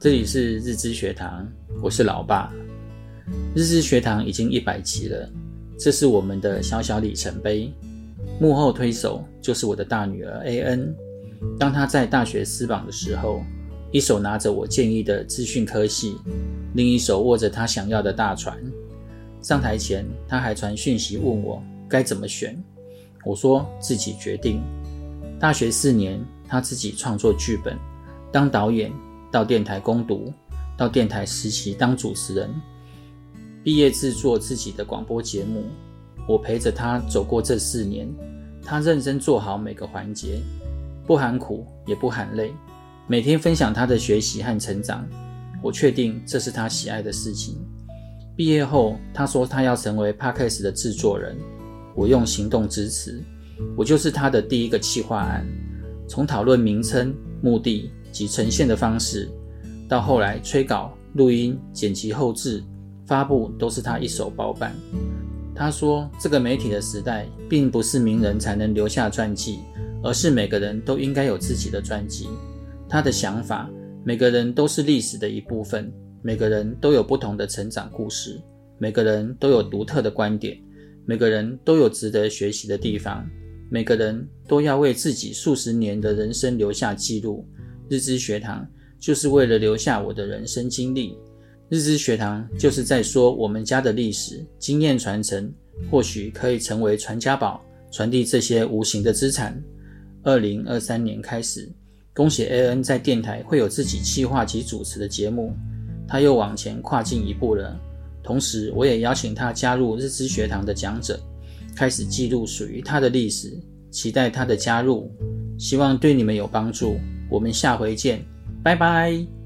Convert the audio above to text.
這裡是日知學堂，我是老爸。日知學堂已經一百集了，這是我們的小小里程碑。幕後推手就是我的大女兒 AN。當她在大學私榜的時候，一手拿着我建議的資訊科系，另一手握着她想要的大傳。上台前，她還傳訊息問我該怎麼選。我說自己決定。大學四年，她自己創作劇本，當導演。到電台攻讀，到電台實習當主持人，畢業製作自己的廣播節目。我陪着他走過這四年，他認真做好每個環節，不喊苦也不喊累，每天分享他的學習和成長。我確定這是他喜愛的事情。畢業後，他說他要成為 Podcast 的製作人，我用行動支持，我就是他的第一個企劃案，從討論名稱、目的，及呈現的方式，到後來催稿、錄音、剪輯、後製、發布，都是她一手包辦。她說：“這個媒體的時代，並不是名人才能留下傳記，而是每個人都應該有自己的傳記。”她的想法：每個人都是歷史的一部分，每個人都有不同的成長故事，每個人都有獨特的觀點，每個人都有值得學習的地方，每個人都要為自己數十年的人生留下記錄。日知學堂就是為了留下我的人生經歷。日知學堂就是在說我們家的歷史、經驗傳承，或許可以成為傳家寶，傳遞這些無形的資產。二零二三年開始，恭喜 AN 在電台會有自己企劃及主持的節目，她又往前跨進一步了。同時，我也邀請她加入日知學堂的講者，開始記錄屬於她的歷史。期待她的加入，希望對你們有幫助。我們下回見，拜拜。